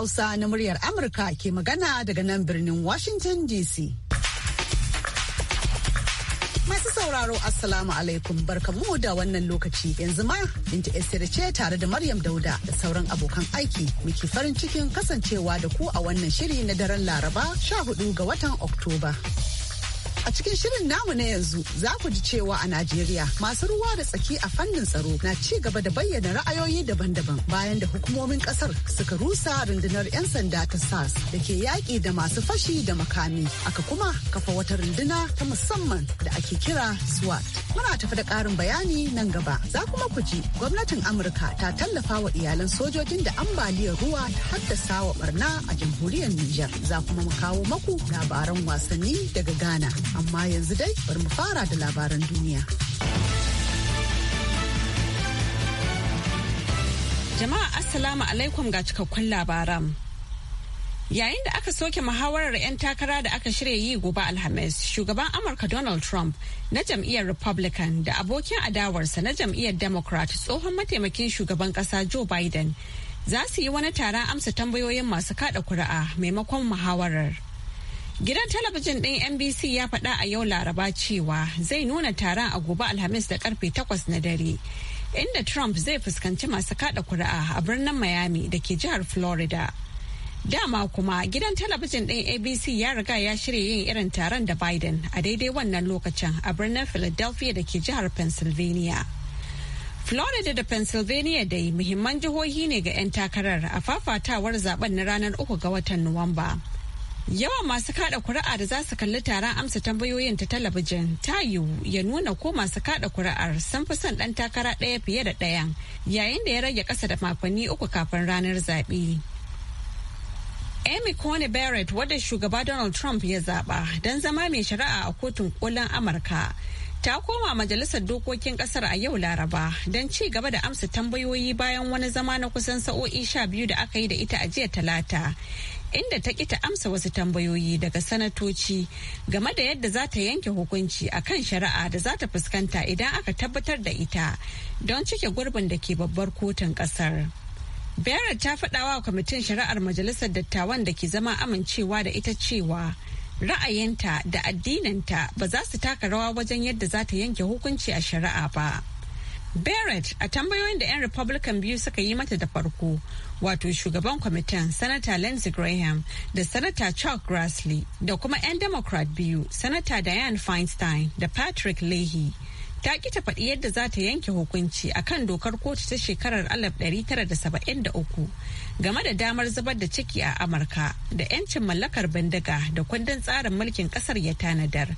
Hausa na muryar Amurka ke magana daga nan birnin Washington DC. Masu sauraro Assalamu alaikum barkamu da wannan lokaci yanzu ma Binta Esther ce tare da Maryam Dauda da sauran abokan aiki muke farin cikin kasancewa da ku a wannan shiri na daren Laraba 14 ga watan Oktoba. A cikin shirin namu na yanzu za ku ji cewa a Najeriya masu ruwa da tsaki a fannin tsaro na ci gaba da bayyana ra'ayoyi daban-daban bayan da hukumomin kasar suka rusa rundunar 'yan sanda ta SAS da ke yaƙi da masu fashi da makami. Aka kuma kafa wata runduna ta musamman da ake kira SWAT. Muna tafi da ƙarin bayani nan gaba. Za kuma ku ji gwamnatin Amurka ta tallafa wa iyalan sojojin da ambaliyar ruwa ta haddasa wa barna a jamhuriyar Nijar. Za kuma mu kawo maku labaran wasanni daga Ghana. amma yanzu dai bari mu fara da labaran duniya. Jama'a Assalamu alaikum ga cikakkun labaran. Yayin da aka soke muhawarar 'yan takara da aka shirya yi gobe Alhamis, shugaban Amurka Donald Trump na jam'iyyar Republican da abokin adawarsa na jam'iyyar Democrat tsohon mataimakin shugaban ƙasa Joe Biden za su yi wani taron amsa tambayoyin masu kada kuri'a maimakon muhawarar. Gidan talabijin ɗin NBC ya faɗa a yau Laraba cewa zai nuna taron a gobe Alhamis da karfe 8 na dare. Inda Trump zai fuskanci masu kada kuri'a a birnin Miami da ke jihar Florida. Dama kuma gidan talabijin ɗin ABC ya riga ya shirya yin irin taron da Biden a daidai wannan lokacin a birnin Philadelphia da ke jihar Pennsylvania. Florida da Pennsylvania dai muhimman jihohi ne ga 'yan takarar a fafatawar zaben na ranar uku ga watan Nuwamba. Yawan masu kada kuri'a da za su kalli taron amsa tambayoyin ta talabijin ta yiwu ya nuna ko masu kada kuri'ar sun fi son ɗan takara ɗaya fiye da ɗayan yayin da ya rage ƙasa da makonni uku kafin ranar zaɓe. Amy Coney Barrett wadda shugaba Donald Trump ya zaɓa don zama mai shari'a a kotun kolin Amurka. Ta koma majalisar dokokin kasar a yau Laraba don ci gaba da amsa tambayoyi bayan wani zama na kusan sa'o'i sha biyu da aka yi da ita a jiya Talata. inda ta ƙi ta amsa wasu tambayoyi daga sanatoci game da yadda za ta yanke hukunci a kan shari'a da za ta fuskanta idan aka tabbatar da ita don cike gurbin da ke babbar kotun ƙasar. Barrett ta faɗawa wa kwamitin shari'ar majalisar dattawan da ke zama amincewa da ita cewa ra'ayinta da addininta ba za su taka rawa wajen yadda za ta yanke hukunci a shari'a ba. Barrett a tambayoyin da 'yan Republican biyu suka yi mata da farko, wato shugaban kwamitin Sanata Lindsey Graham da Sanata Chuck Grassley da kuma 'yan Democrat biyu, Sanata Dianne Feinstein da Patrick Leahy. Ta ki ta faɗi yadda za ta yanke hukunci a kan dokar kotu ta shekarar 1973 game da damar zubar da ciki a Amurka da 'yancin mallakar bindiga da kundin tsarin mulkin ƙasar ya tanadar.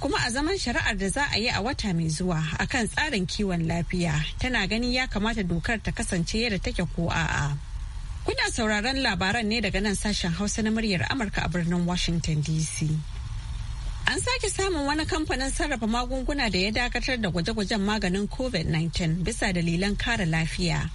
kuma a zaman shari'ar da za a yi a wata mai zuwa a kan tsarin kiwon lafiya tana gani ya kamata dokar ta kasance yadda take ko a'a. Kuna sauraron labaran ne daga nan sashen Hausa na muryar Amurka a birnin Washington DC. An sake samun wani kamfanin sarrafa magunguna da ya dakatar da gwaje-gwajen maganin COVID-19 bisa dalilan kare lafiya.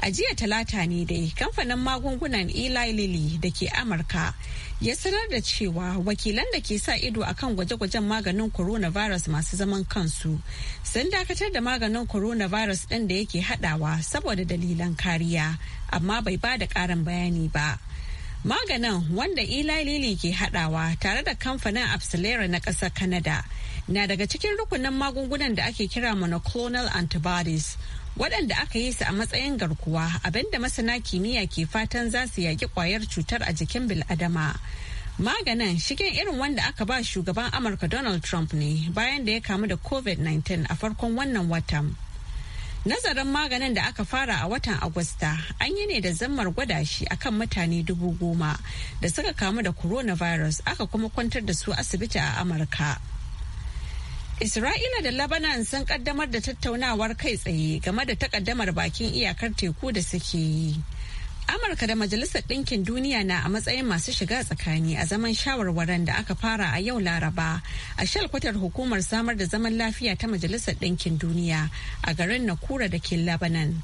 A jiya talata ne dai kamfanin magungunan Eli Lilly da ke Amurka ya sanar da cewa wakilan da ke sa ido a kan gwaje-gwajen maganin coronavirus masu zaman kansu sun dakatar da maganin coronavirus ɗin da yake haɗawa saboda dalilan kariya amma bai ba da ƙarin bayani ba. Maganin wanda Eli Lilly ke hadawa tare da kamfanin Absalera na ƙasar Kanada, na daga cikin rukunin magungunan da ake kira monoclonal antibodies waɗanda aka yi su a matsayin garkuwa abinda masana kimiyya ke fatan za su yaƙi ƙwayar cutar a jikin bil'adama. maganin shigen irin wanda aka ba shugaban amurka donald trump ne bayan da ya kamu da covid-19 a farkon wannan watan Nazarin maganin da aka fara a watan Agusta an yi ne da zammar gwada shi akan mutane dubu goma da suka kamu da coronavirus aka kuma kwantar da su asibiti a Amurka. Isra'ila da Lebanon sun kaddamar da tattaunawar kai tsaye game da takaddamar bakin iyakar teku da suke yi. Amurka da Majalisar Ɗinkin Duniya na a matsayin masu shiga tsakani a zaman shawarwaran da aka fara a yau Laraba a shalkwatar hukumar samar da zaman lafiya ta Majalisar Ɗinkin Duniya a garin Nakura da ke Lebanon.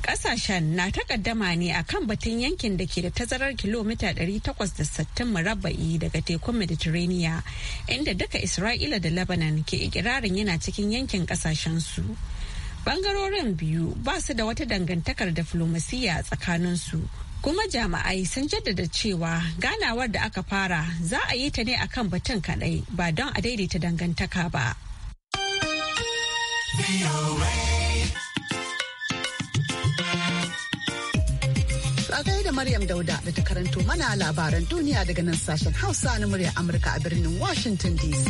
Ƙasashen na takaddama ne a kan batun yankin da ke da tazarar kilomita 860 murabba'i daga tekun Mediterania, inda duka Isra'ila da Lebanon ke ikirarin yana cikin yankin ƙasashen su. Bangarorin biyu ba su da wata dangantakar diflomasiyya su Kuma jami'ai sun jaddada cewa ganawar da aka fara za a yi ta ne a kan batun kaɗai ba don a daidaita dangantaka ba. Tsagai da Maryam Dauda da ta karanto mana labaran duniya daga nan sashen Hausa na murya Amurka a birnin Washington DC.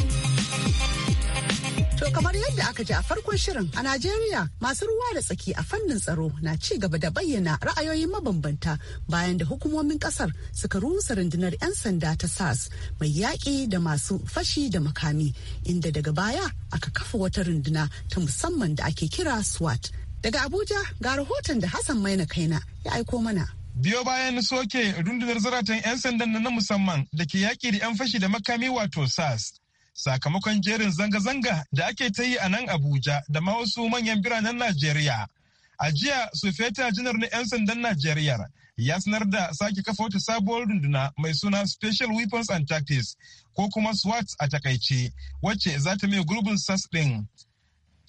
To kamar yadda aka ji a farkon shirin a Najeriya masu ruwa da tsaki a fannin tsaro na ci gaba da bayyana ra'ayoyin mabambanta bayan da hukumomin kasar suka rusa rundunar 'yan sanda ta SARS mai yaƙi da masu fashi da makami inda daga baya aka kafa wata runduna ta musamman da ake kira SWAT. Daga Abuja ga rahoton da Hassan Maina Kaina ya aiko mana. biyo bayan soke rundunar zaratan 'yan sandan na musamman da ke yaƙi da 'yan fashi da makami wato sas sakamakon jerin zanga-zanga da ake ta yi a nan Abuja da ma wasu manyan biranen Najeriya. A jiya, Sufeta Janar na 'yan sandan Najeriya ya sanar da sake kafa wata sabuwar runduna mai suna Special Weapons and Tactics ko kuma SWAT a takaice, wacce za ta mai gurbin SAS ɗin.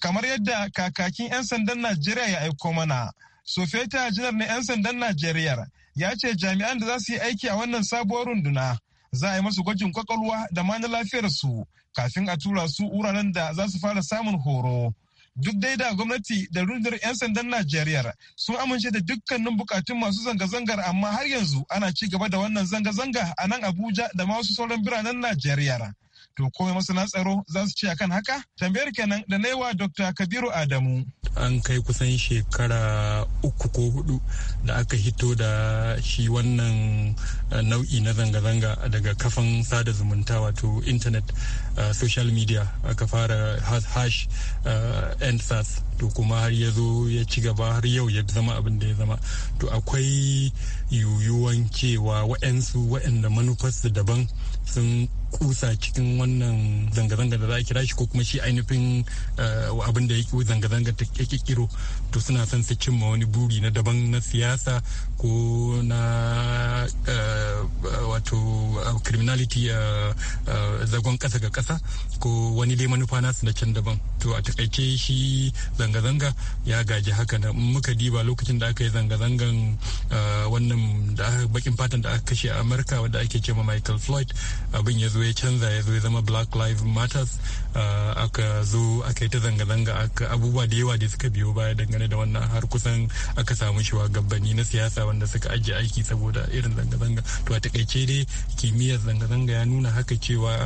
Kamar yadda kakakin 'yan sandan Najeriya ya aiko mana, Sufeta Janar na 'yan sandan Najeriya ya ce jami'an da za su yi aiki a wannan sabuwar runduna za a yi masu gwajin kwakwalwa da ma na su kafin a tura su wuraren da za su fara samun horo. Duk dai da gwamnati da rundunar 'yan sandan Najeriya sun amince da dukkanin bukatun masu zanga-zangar amma har yanzu ana ci gaba da wannan zanga-zanga a nan Abuja da ma wasu sauran biranen Najeriya. To komai masana tsaro za su ce akan haka? Tambayar kenan da na wa Dr. Kabiru Adamu. An kai kusan shekara uku ko hudu da aka hito da shi wannan eh, nau'i na zanga-zanga daga kafan sada zumunta wato intanet eh, social media aka fara hash eh, endsars to kuma har ya zo ya ci gaba har yau ya zama abin da ya zama to akwai yiwuwan cewa waɗansu waɗanda manufarsu daban sun kusa cikin wannan zanga-zanga da za a kira shi ko kuma shi ainihin eh, abin da ya zanga-zanga ta kirkiro to suna son su cimma wani buri na daban na siyasa ko na eh, wato eh, criminality eh, zagon kasa ga kasa ko wani dai manufa nasu na can daban to a takaice shi zanga-zanga ya gaji haka na muka diba lokacin da aka yi zanga-zangan wannan bakin fatan da aka kashe a amurka wadda ake cewa michael floyd abin ya zo ya canza ya zo ya zama black lives matters aka zo aka yi ta zanga-zanga abubuwa da yawa da suka biyo baya dangane dangane da wannan har kusan aka samu shugabanni na siyasa wanda suka ajiye aiki saboda irin zanga-zanga to a takaice dai kimiyyar zanga-zanga ya nuna haka cewa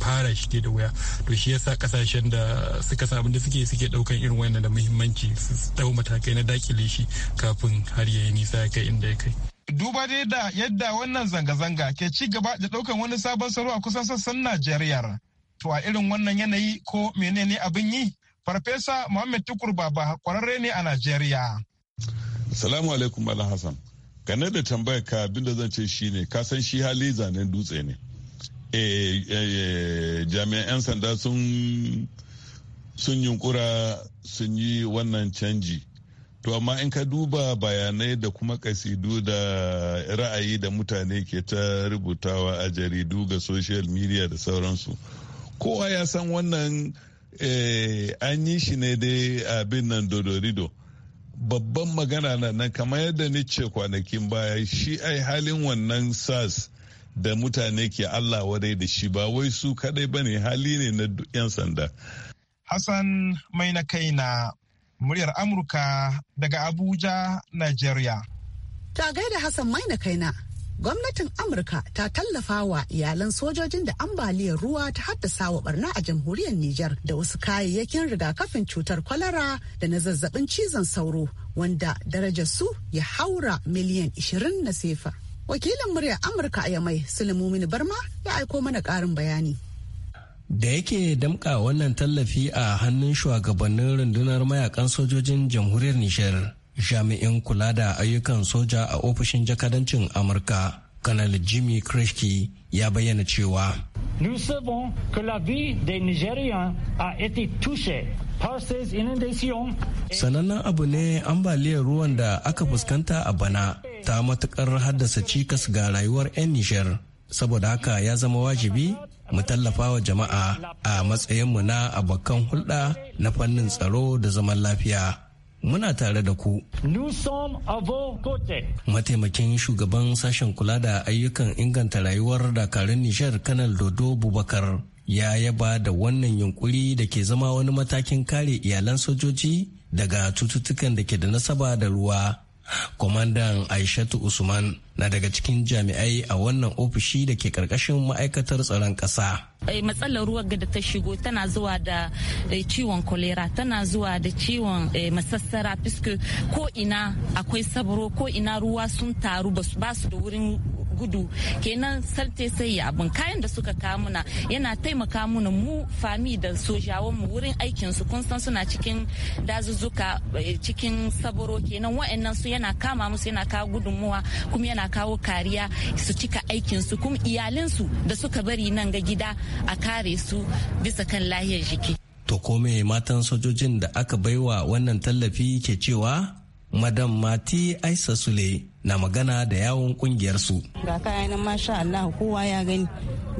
fara shi ke da wuya to shi yasa kasashen da suka samu da suke suke daukan irin wannan da muhimmanci su dau matakai na dakile shi kafin har ya nisa kai inda ya kai duba dai da yadda wannan zanga-zanga ke ci gaba da daukan wani sabon salo a kusan sassan Najeriya to a irin wannan yanayi ko menene abin yi Farfesa Muhammad Tukur Baba kwararre ne a Najeriya. Salamu alaikum Malam Hassan. Gane da tambayar ka abinda zan ce shi ka san shi hali zanen dutse ne. Eh, eh, eh, jami'an 'yan sanda sun sun yunkura sun yi wannan canji to amma in ka duba bayanai da kuma kasidu da ra'ayi da mutane ke ta rubutawa a jaridu ga social media da sauransu kowa ya san wannan Eh, an yi shi ne dai abin nan dodorido babban magana na nan kamar yadda ni ce kwanakin baya shi ai halin wannan sars da mutane ke allah wadai da shi ba wai su kadai bane hali ne na 'yan sanda hassan mai na kai na muryar amurka daga abuja nigeria ta gaida hassan mai na kai na. gwamnatin amurka ta tallafa wa iyalan sojojin da ambaliyar ruwa ta haddasa wa barna a jamhuriyar niger da wasu kayayyakin rigakafin cutar kwalara da na zazzabin cizon sauro wanda darajar su ya haura miliyan 20 na sefa wakilin muryar amurka a yamai sulmumin barma ya aiko mana ƙarin bayani da yake damka wannan tallafi a hannun shugabannin rundunar mayakan sojojin jamhuriyar nijar jami'in kula da ayyukan soja a ofishin jakadancin amurka kanal jimmy kreshki ya bayyana cewa Nous savons que la vie des Nigériens a été touchée Sanannen abu ne ambaliyar ruwan da aka fuskanta a bana ta matukar haddasa cikas ga rayuwar 'yan Nijar. Saboda haka ya zama wajibi mu tallafa wa jama'a a matsayinmu na abokan hulɗa na fannin tsaro da zaman lafiya. muna tare da ku. Mataimakin shugaban sashen kula da ayyukan inganta rayuwar dakarun Nijar Kanal Dodo Bubakar ya yaba da wannan yunkuri da ke zama wani matakin kare iyalan sojoji daga cututtukan da ke da nasaba da ruwa kwamandan aishatu usman na daga cikin jami'ai a wannan ofishi da ke karkashin ma'aikatar tsaron ƙasa. Eh, matsalar ruwan da ta shigo tana zuwa da eh, ciwon kolera tana zuwa da ciwon eh, masassara fiske ko ina akwai sabro ko ina ruwa sun taru ba su da wurin gudu kenan salte sai ya abin kayan da suka kawo muna yana taimaka muna mu fami da sojawan mu wurin aikin su kun san suna cikin dazuzzuka eh, cikin saboro kenan wa'annan su yana kama musu yana kawo gudunmuwa kuma yana kawo kariya su cika aikin su kuma iyalin su da suka bari nan ga gida a kare su bisa kan lahiyar jiki to kome matan sojojin da aka baiwa wannan tallafi ke cewa madam mati aisa sule na magana da yawon kungiyar su ga kayan masha Allah kowa ya gani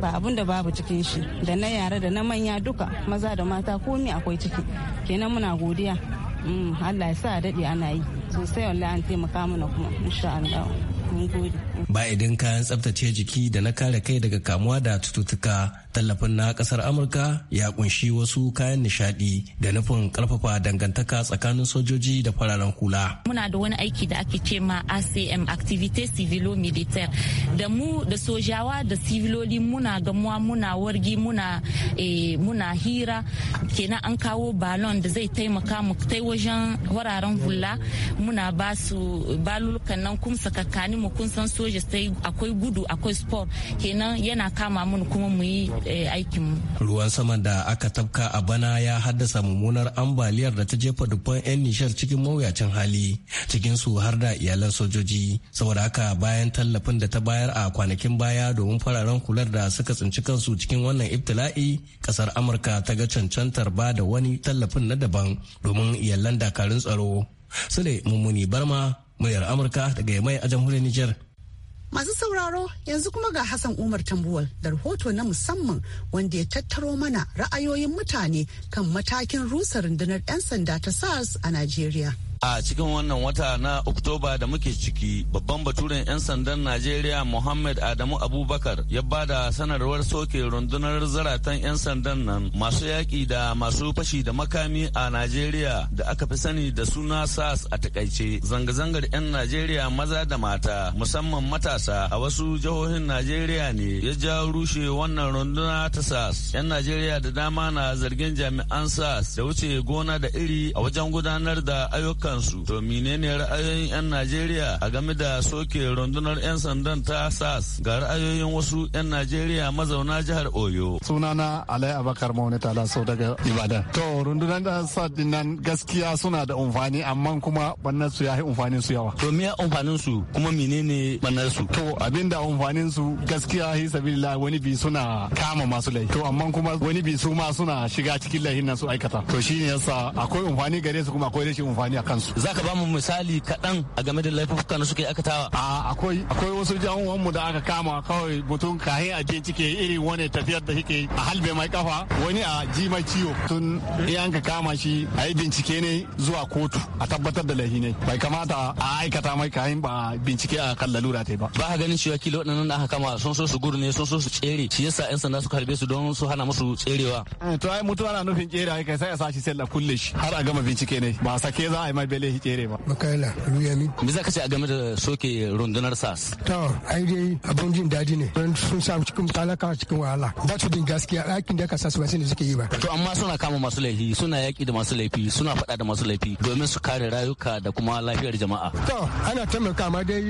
ba abun da babu cikin shi da na yare da na manya duka maza da mata komi akwai ciki kenan muna godiya mm, Allah ya sa daɗi ana yi sosai wallahi an taimaka mana kuma insha Allah mun gode ba idan kayan tsabtace jiki da na kare kai daga kamuwa da cututtuka tallafin na kasar amurka ya kunshi wasu kayan nishadi da nufin karfafa dangantaka tsakanin sojoji da fararen kula muna da wani aiki da ake ce ma acm activite civilo militaire da mu da sojawa da civiloli muna gamuwa muna wargi muna eh, muna hira kenan an kawo balon da zai taimaka mu tai wajen wararen hula muna ba su balulukan nan kun sakakkani mu kun san so soja sai akwai gudu akwai sport kenan yana kama mun kuma mu yi eh, aikin mu ruwan saman da aka tafka a bana ya haddasa mummunar ambaliyar da ta jefa dubban yan nishar cikin mawuyacin hali cikin su har da iyalan sojoji saboda haka bayan tallafin da ta bayar a kwanakin baya domin fararen kular da suka tsinci kansu cikin wannan ibtila'i kasar amurka ta ga cancantar ba da wani tallafin na daban domin iyalan dakarun tsaro sule mummuni barma muryar amurka daga mai a jamhuriyar niger Masu sauraro yanzu kuma ga Hassan Umar Tambuwal da rahoto na musamman wanda ya tattaro mana ra'ayoyin mutane kan matakin rusa rundunar 'yan sanda ta SARS a Najeriya. a cikin wannan wata na oktoba da muke ciki babban baturen 'yan sandan najeriya muhammad adamu abubakar ya ba da sanarwar soke rundunar zaratan 'yan sandan nan masu yaƙi da masu fashi da makami a najeriya da aka fi sani da suna sas a takaice zanga-zangar 'yan najeriya maza da mata musamman matasa a wasu jihohin najeriya ne ya ja rushe wannan runduna ta sas 'yan najeriya da dama na zargin jami'an sas da wuce gona da iri a wajen gudanar da ayyuka kansu. To menene ra'ayoyin 'yan Najeriya a game da soke rundunar 'yan sandan ta SAS ga ra'ayoyin wasu 'yan Najeriya mazauna jihar Oyo. Sunana Alai Abakar Mauni Tala so daga Ibadan. To rundunar da SAS din nan gaskiya suna da umfani amma kuma bannan su ya yi umfanin su yawa. To miya umfanin su kuma menene bannan su? To abinda umfanin su gaskiya sabilla wani bi suna kama masu laifi. To amma kuma wani bi su ma suna shiga cikin laifin nan su aikata. To shine yasa akwai umfani gare su kuma akwai rashin umfani a kansu za ka ba misali kaɗan a game da laifukan da suke akatawa a akwai akwai wasu mu da aka kama kawai mutum kahin a je cike irin wani tafiyar da kike a halbe mai kafa wani a ji mai ciwo tun in ka kama shi a yi bincike ne zuwa kotu a tabbatar da laifi ne bai kamata a aikata mai kahin ba bincike a kan lalura ta ba ba ka ganin cewa kila waɗannan da aka kama sun so su gudu ne sun so su tsere shi yasa yan sanda suka harbe su don su hana musu tserewa eh, to ai mutuwa na nufin tsere kai sai a sa shi sai kulle shi har a gama bincike ne ba sake za a yi mai ma bele hikere ma makaila ruyami me zaka ce a game da soke rundunar sas to ai dai abun jin daɗi ne don sun sa cikin talaka cikin wahala ba su din gaskiya aikin da ka sa su ba sai suke yi ba to amma suna kama masu laifi suna yaki da masu laifi suna faɗa da masu laifi domin su kare rayuka da kuma lafiyar jama'a to ana taimaka ma dai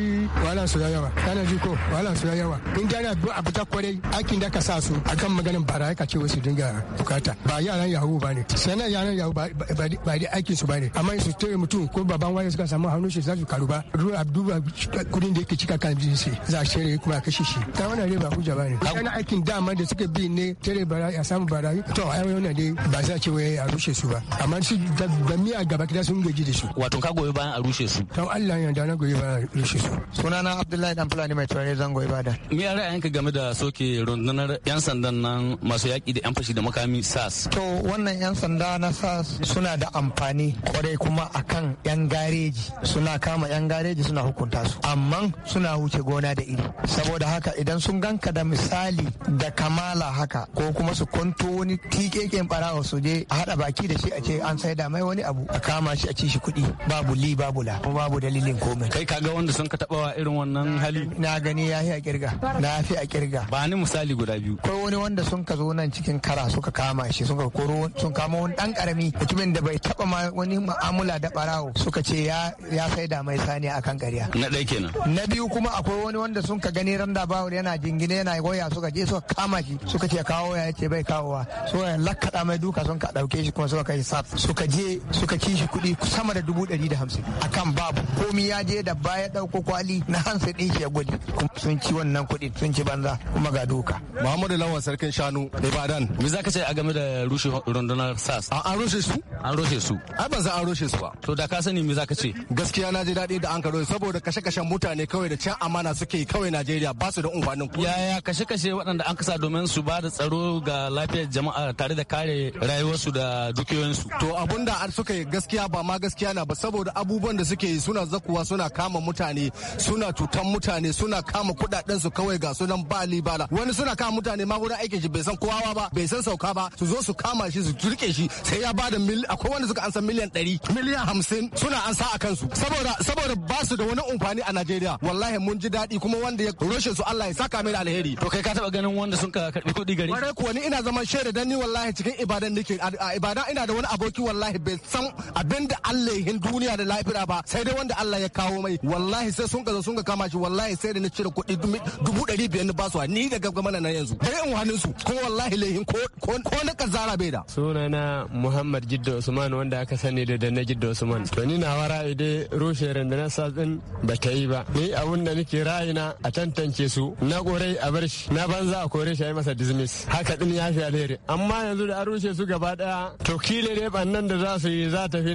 wahala su ya yawa kana ji ko wahala su ya yawa in da na a fita kwarai aikin da ka sa su akan maganin bara ka ce wasu dinga bukata ba yaran yahu ba ne Sai na yaran yahu ba ba aikin su ba ne amma su tare mutum ko baban wani suka samu hannun shi za su karu ba ruwa abduba kudin da yake cika kan jinsi za a shere kuma a kashe shi ta wani wannan ba hujja ba ne yana aikin dama da suka bi ne tare bara ya samu bara to ai yau wannan dai ba za a ce wai a rushe su ba amma su da miya gaba kida sun gaji da su wato ka goyi bayan a rushe su to Allah ya dana goyi bayan a rushe su sunana Abdullahi dan Fulani mai tsare turare zango ibada me ra'ayin ra'ayinka game da soke rundunar yan sandan nan masu yaki da yan fashi da makami SAS to wannan yan sanda na SAS suna da amfani kwarai kuma akan kan yan gareji suna kama yan gareji suna hukunta su amma suna wuce gona da iri saboda haka idan sun ganka da misali da kamala haka ko kuma su kwanto wani tikekin barawa su je a hada baki da shi a ce an saida mai wani abu a kama shi a ci shi kuɗi babu li babu la babu dalilin komai kai kaga wanda sun ka taba irin wannan hali na gani ya fi a kirga na fi a kirga ba ni misali guda biyu ko wani wanda sun ka zo nan cikin kara suka kama shi suka koro sun kama wani dan karami mutumin da bai taba ma wani mu'amala da barawo suka ce ya ya saida mai sani akan ƙarya na ɗaya kenan na biyu kuma akwai wani wanda sun ka gani randa bawul yana jingine yana goya suka je suka kama shi suka ce kawo ya ce bai kawowa suka lakkaɗa mai duka sun ka ɗauke shi kuma suka kai sat suka je suka ci shi kuɗi sama da dubu ɗari da hamsin akan babu komi ya je da baya ɗauko kwali na hansa ɗin shi ya gudu sun ci wannan kuɗi sun ci banza kuma ga duka. Muhammadu Lawan sarkin shanu Ibadan. Me za ka ce a game da rushe rundunar SAS? An rushe su? An rushe su. Ai ba za an rushe su ba. To da ka sani me zaka ce gaskiya na ji daɗi da an karo saboda kashe kashe mutane kawai da can amana suke kawai Najeriya ba su da umfanin ku yaya kashe-kashe waɗanda an kasa domin su ba da tsaro ga lafiyar jama'a tare da kare rayuwarsu da dukiyoyinsu to abun da suka yi gaskiya ba ma gaskiya na ba saboda abubuwan da suke yi suna zakuwa suna kama mutane suna cutan mutane suna kama kuɗaɗen su kawai ga sunan ba libala wani suna kama mutane ma wurin aikin shi bai san kowa ba bai san sauka ba su zo su kama shi su turke shi sai ya ba da akwai wanda suka ansa miliyan ɗari miliyan hamsin hamsin suna an sa a kansu saboda saboda ba su da wani umfani a Najeriya wallahi mun ji daɗi kuma wanda ya roshe su Allah ya saka mai da alheri to kai ka taba ganin wanda sun ka karbi kuɗi gari kwarai kuwa ni ina zaman shaida dan ni wallahi cikin ibadan nake a ibada ina da wani aboki wallahi bai san abinda Allah ya hin duniya da lafiya ba sai dai wanda Allah ya kawo mai wallahi sai sun ka sun ka kama shi wallahi sai da ni cire kuɗi dubu ɗari biyar ni ba su ni da mana na yanzu dare in wani su ko wallahi lehin ko ko na kazara bai da sunana Muhammad Jiddo Usman wanda aka sani da Danna Jidda Usman usman to ni na wara dai rushe rundunar sas din ba ta yi ba ni abun da nake ra'ayina a tantance su na kore a bar shi na banza a kore shi a yi masa dismiss haka din ya fi alheri amma yanzu da an rushe su gaba daya to kile ne bannan da za su yi za ta fi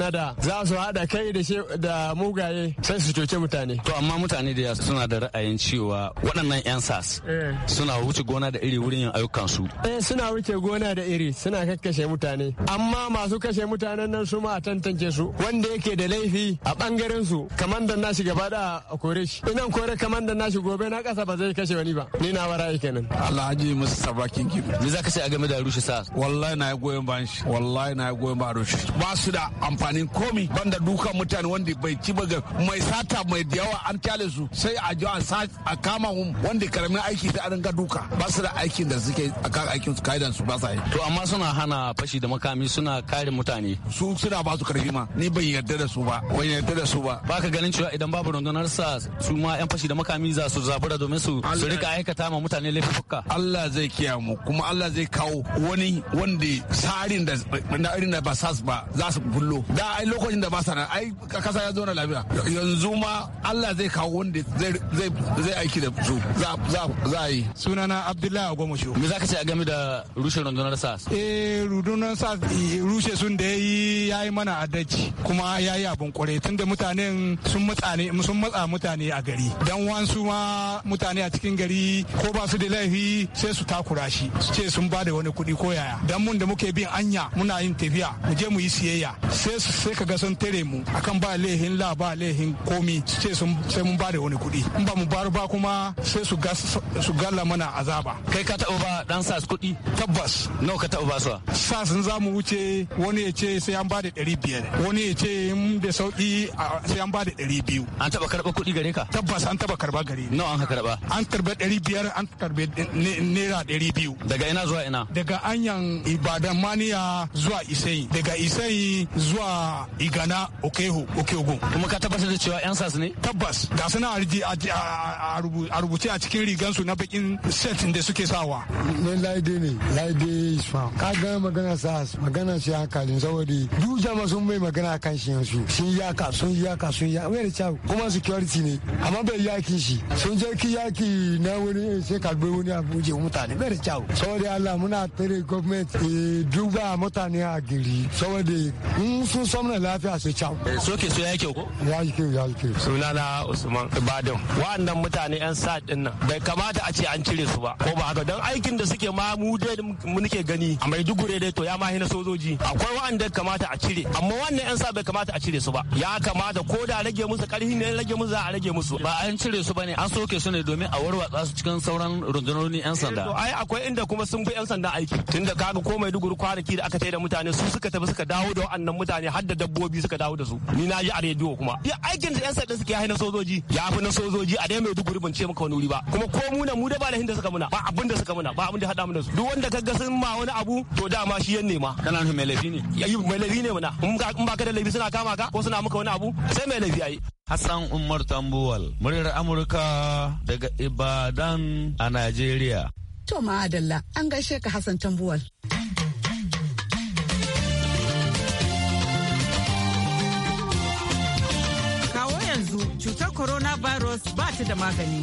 na da za su haɗa kai da shi da mugaye sai su coci mutane to amma mutane da suna da ra'ayin cewa waɗannan 'yan sas eh. suna wuce gona da iri wurin yin ayyukansu eh suna wuce gona da iri suna kakkashe mutane amma masu kashe mutanen nan su ma a tantance su wanda yake da laifi a bangaren su kamandan nashi gaba da a kore shi inan kore kamandan nashi gobe na kasa ba zai kashe wani ba ni na wara yake nan Allah haji musu sabakin gidu me zaka sai a game da rushe sa wallahi na goyon ban shi wallahi na goyon ba rushe ba su da amfanin komi banda duka mutane wanda bai ci ba mai sata mai diyawa yawa an tale su sai a ji a kama wanda karamin aiki sai a dinga duka ba su da aikin da suke kan aikin su kaidan su ba sa yi to amma suna hana fashi da makami suna kare mutane su suna ba su karfi ma ni ban yarda da su ba ban yarda da su ba ba ka ganin cewa idan babu rundunar sa su ma yan fashi da makami za su zabura domin su su rika aikata ma mutane laifuka Allah zai kiyamu mu kuma Allah zai kawo wani wanda sarin da na irin da ba sas ba za su bullo da ai lokacin da ba sa ai kasa ya zo na lafiya yanzu ma Allah zai kawo wanda zai zai aiki da su za za yi sunana Abdullahi Agwamosho me zaka ce a game da rushe rundunar sas eh rundunar sas eh, rushe sun da yayi yayi mana addaci kuma ya yi abin kwarai tunda mutanen sun matsa mutane a gari dan wansu ma mutane a cikin gari ko ba su da laifi sai su takura shi su ce sun ba da wani kuɗi ko yaya dan mun da muke bin anya muna yin tafiya mu je mu yi siyayya sai su sai ka ga sun tare mu akan ba laifin la ba laifin komi su ce sun sai mun ba da wani kuɗi in ba mu bar ba kuma sai su su galla mana azaba kai ka taɓa ba dan sas kuɗi tabbas nawa ka taɓa ba su sas sun za mu wuce wani ya ce sai an ba da ɗari biyar wani ya ce mun da sauki sai an bada ɗari biyu. An taɓa karɓa kuɗi gare ka? Tabbas an taɓa karɓa gare ni. Nawa an ka karɓa? An karɓa ɗari biyar an karɓa naira ɗari biyu. Daga ina zuwa ina? Daga anyan Ibadan Maniya zuwa Isai. Daga Isai zuwa Igana Okeho Okeogun. Kuma ka tabbatar da cewa 'yan sas ne? Tabbas ga suna a rubuce a cikin rigansu na bakin set da suke sawa. Ne laide ne laide Isfam. Ka gana magana sas magana shi hankalin saboda duk jama sun mai magana a kan shi yanzu sun yaka sun yaka sun yaka wani da kuma security ne amma bai yakin shi sun je ki yaki na wani sai kalbe wani abu je mutane bai da kyau saboda Allah muna tare government eh, duba mutane a gari saboda in sun samu lafiya sai eh, so ke so ya kyau ko ya kyau ya kyau suna na Usman Ibadan wa'annan mutane yan sa din nan bai kamata a ce an cire su ba ko ba haka don aikin da suke ma mu dai mu nake gani a mai dugure dai to ya ma hina sojoji akwai wa'anda kamata a cire amma wannan 'yan sa bai kamata a cire su ba ya kamata ko da rage musu karfi ne rage musu za a rage musu ba an cire su bane an soke su ne domin a warwatsa su cikin sauran rundunonin 'yan sanda eh, ai akwai inda kuma sun bi 'yan sanda aiki tunda kaga ko mai duguru kwanaki da aka tai da mutane su suka tafi suka dawo da wannan mutane har da dabbobi suka dawo da su ni na ji a rediyo kuma ya aikin da 'yan sanda suke yi na sojoji ya fi na sojoji a dai mai duguru ban ce maka wani wuri ba kuma ko mu na mu da ba da hinda suka muna ba abin da suka muna ba abin da hada mu da su duk wanda kaga sun ma wani abu to dama shi yan nema kana mai laifi ne mai laifi ne muna in ba ka da laifi suna kama ka ko suna maka wani abu sai mai laifi ayi Hassan Umar Tambuwal, muryar Amurka daga Ibadan a Najeriya. To Adalla, an gaishe ka Hassan Tambuwal. Kawo yanzu cutar coronavirus ba ta da magani.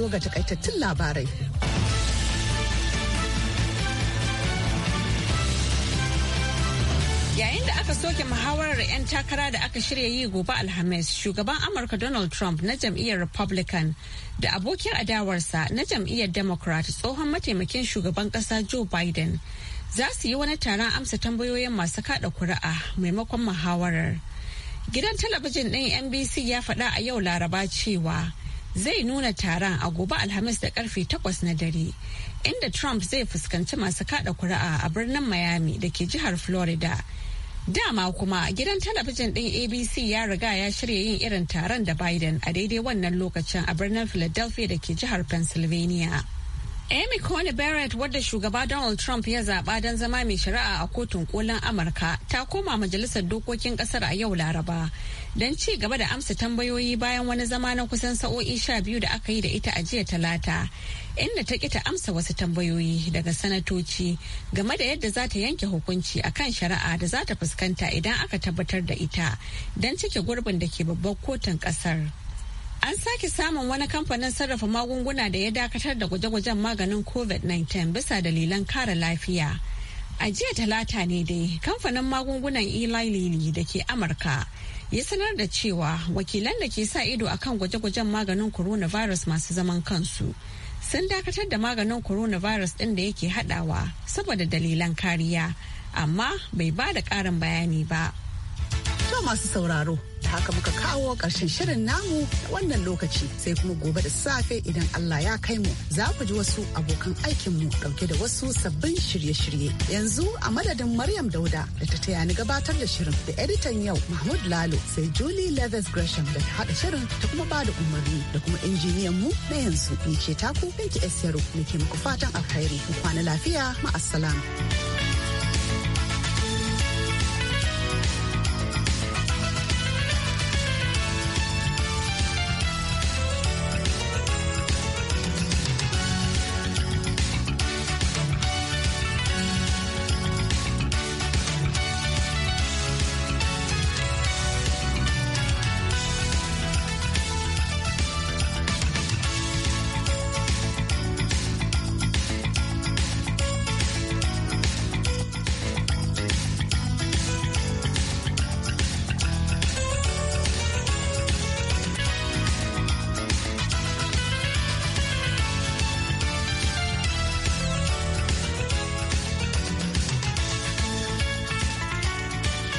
zo ga takaitattun labarai. Yayin da aka soke muhawarar 'yan takara da aka shirya yi gobe Alhamis, shugaban Amurka Donald Trump na jam'iyyar Republican da abokin adawarsa na jam'iyyar Democrat tsohon mataimakin shugaban ƙasa Joe Biden za su yi wani taron amsa tambayoyin masu kada kuri'a maimakon muhawarar. Gidan talabijin ɗin NBC ya faɗa a yau Laraba cewa zai nuna taron a gobe alhamis da karfe 8 na dare inda trump zai fuskanci masu kada kuri'a a birnin miami da ke jihar florida dama kuma gidan talabijin din abc ya riga ya shirya yin irin taron da biden a daidai wannan lokacin a birnin philadelphia da ke jihar pennsylvania amy coney barrett wadda shugaba donald trump ya zaba don zama mai shari'a a kotun kolin amurka ta koma majalisar dokokin kasar a yau laraba don ci gaba da amsa tambayoyi bayan wani zama na kusan sa'o'i sha biyu da aka yi da ita a jiya talata inda ta ki ta amsa wasu tambayoyi daga sanatoci game da yadda za ta yanke hukunci a kan shari'a da za ta fuskanta idan aka tabbatar da ita don cike gurbin da ke babbar kotun kasar. An sake samun wani kamfanin sarrafa magunguna da ya dakatar da gwaje-gwajen maganin COVID-19 bisa dalilan kare lafiya. A jiya talata ne dai kamfanin magungunan Eli Lilly da ke Amurka ya sanar da cewa wakilan da ke sa ido akan gwaje-gwajen maganin coronavirus masu zaman kansu sun dakatar da maganin coronavirus ɗin da yake haɗawa saboda dalilan kariya amma bai ba da ƙarin bayani ba. masu sauraro haka muka kawo ƙarshen shirin namu na wannan lokaci sai kuma gobe da safe idan Allah ya kai mu za ku ji wasu abokan aikinmu ɗauke da wasu sabbin shirye-shirye. Yanzu a madadin Maryam Dauda da ta taya ni gabatar da shirin da editan yau Mahmud Lalo sai Julie Leathers Gresham da ta hada shirin ta kuma ba da umarni da kuma injiniyan mu na yanzu ni ce taku Binki Esiyaru muke muku fatan alkhairi ku kwana lafiya ma'assalam.